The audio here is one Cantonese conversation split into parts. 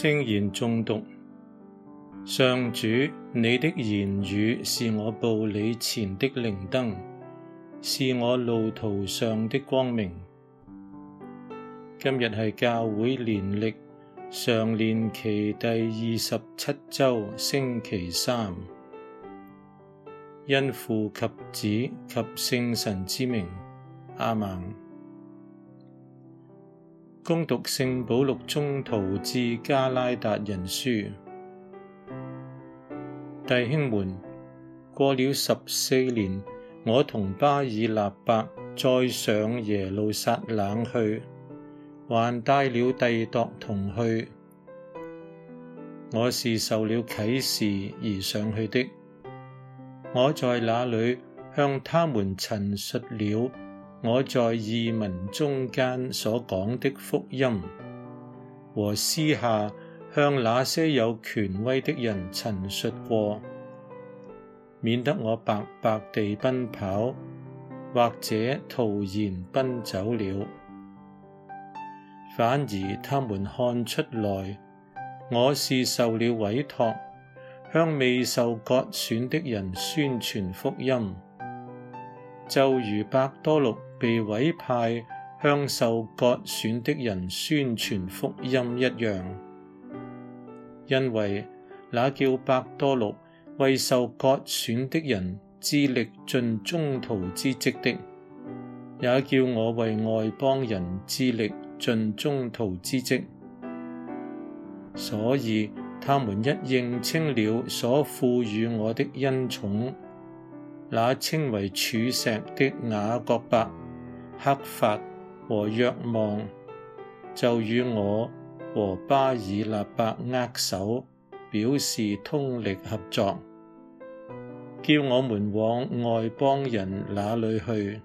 聖言誦讀。上主，你的言語是我步你前的靈燈，是我路途上的光明。今日係教會年曆常年期第二十七周星期三，因父及子及聖神之名，亞孟。恭讀聖保祿宗徒致迦拉達人書，弟兄們，過了十四年，我同巴爾納伯再上耶路撒冷去，還帶了弟鐸同去。我是受了啟示而上去的。我在那裏向他們陳述了。我在異民中間所講的福音，和私下向那些有權威的人陳述過，免得我白白地奔跑，或者徒然奔走了。反而他們看出來，我是受了委託，向未受割損的人宣傳福音，就如伯多祿。被委派向受割損的人宣傳福音一樣，因為那叫伯多祿為受割損的人致力盡宗徒之職的，也叫我為外邦人致力盡宗徒之職。所以他們一認清了所賦予我的恩寵，那稱為柱石的雅各伯。刻法和若望，就與我和巴爾納伯握手，表示通力合作，叫我們往外邦人那裏去，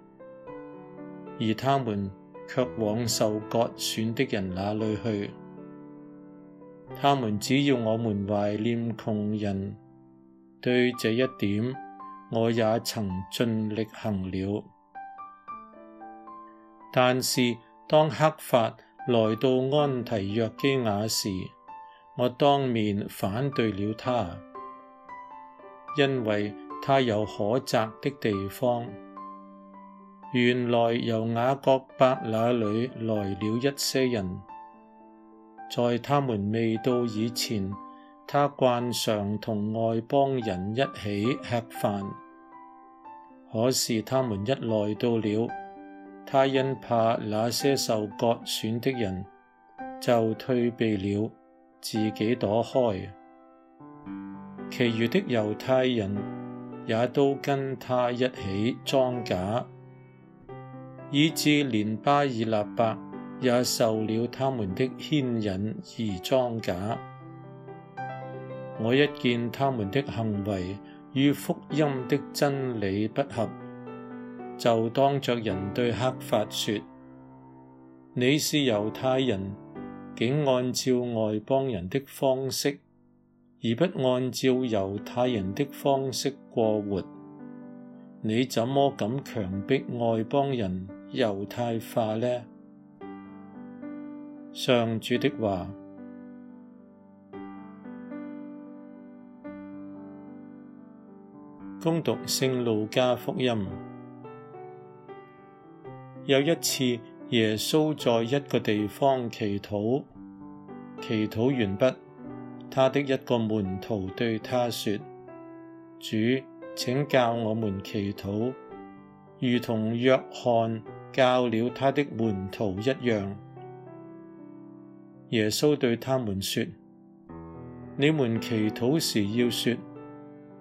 而他們卻往受割損的人那裏去。他們只要我們懷念窮人，對這一點，我也曾盡力行了。但是，當刻法來到安提約基雅時，我當面反對了他，因為他有可責的地方。原來由雅各伯那裏來了一些人，在他們未到以前，他慣常同外邦人一起吃飯。可是他們一來到了，他因怕那些受割損的人，就退避了，自己躲開。其餘的猶太人也都跟他一起裝假，以致連巴爾納伯也受了他們的牽引而裝假。我一見他們的行為與福音的真理不合。就當着人對刻法説：你是猶太人，竟按照外邦人的方式，而不按照猶太人的方式過活，你怎麼敢強迫外邦人猶太化呢？上主的話。恭讀聖路加福音。有一次，耶穌在一個地方祈禱，祈禱完畢，他的一個門徒對他說：主，請教我們祈禱，如同約翰教了他的門徒一樣。耶穌對他們說：你們祈禱時要說：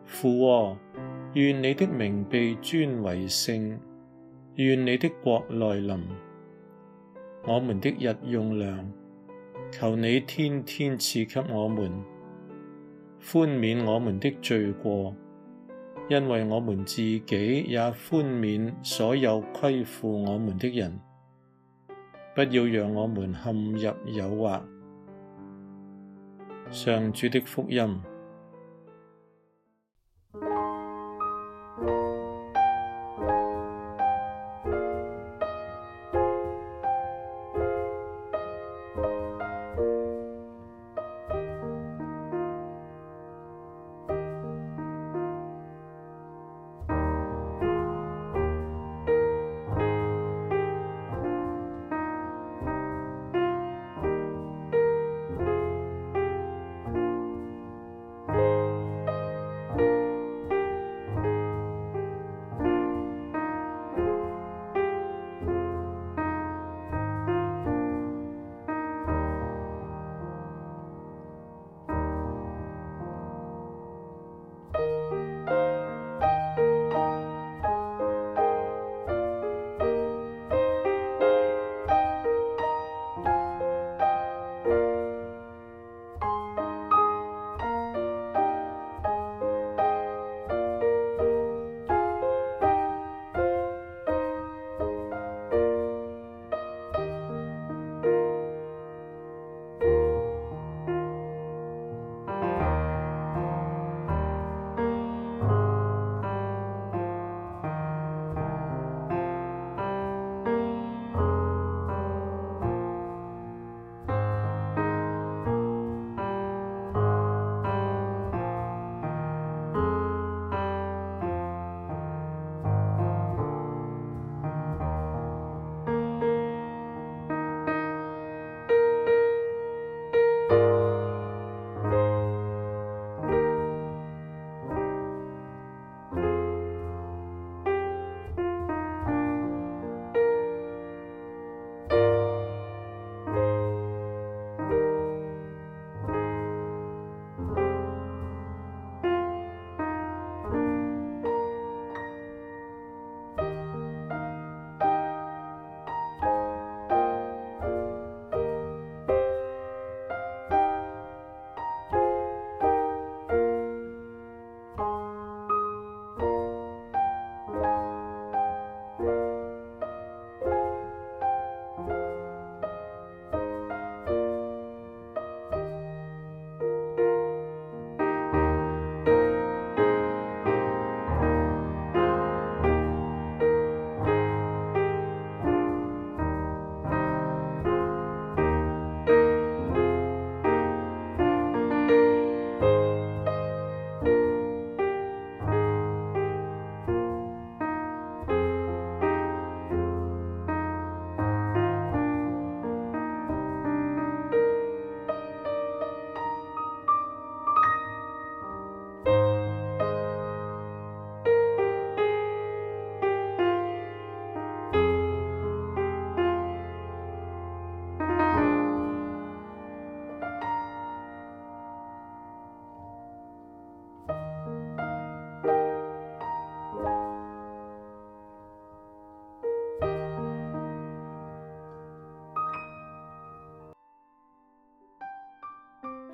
父啊，願你的名被尊為聖。願你的國來臨，我們的日用糧，求你天天賜給我們，寬免我們的罪過，因為我們自己也寬免所有虧負我們的人。不要讓我們陷入誘惑。上主的福音。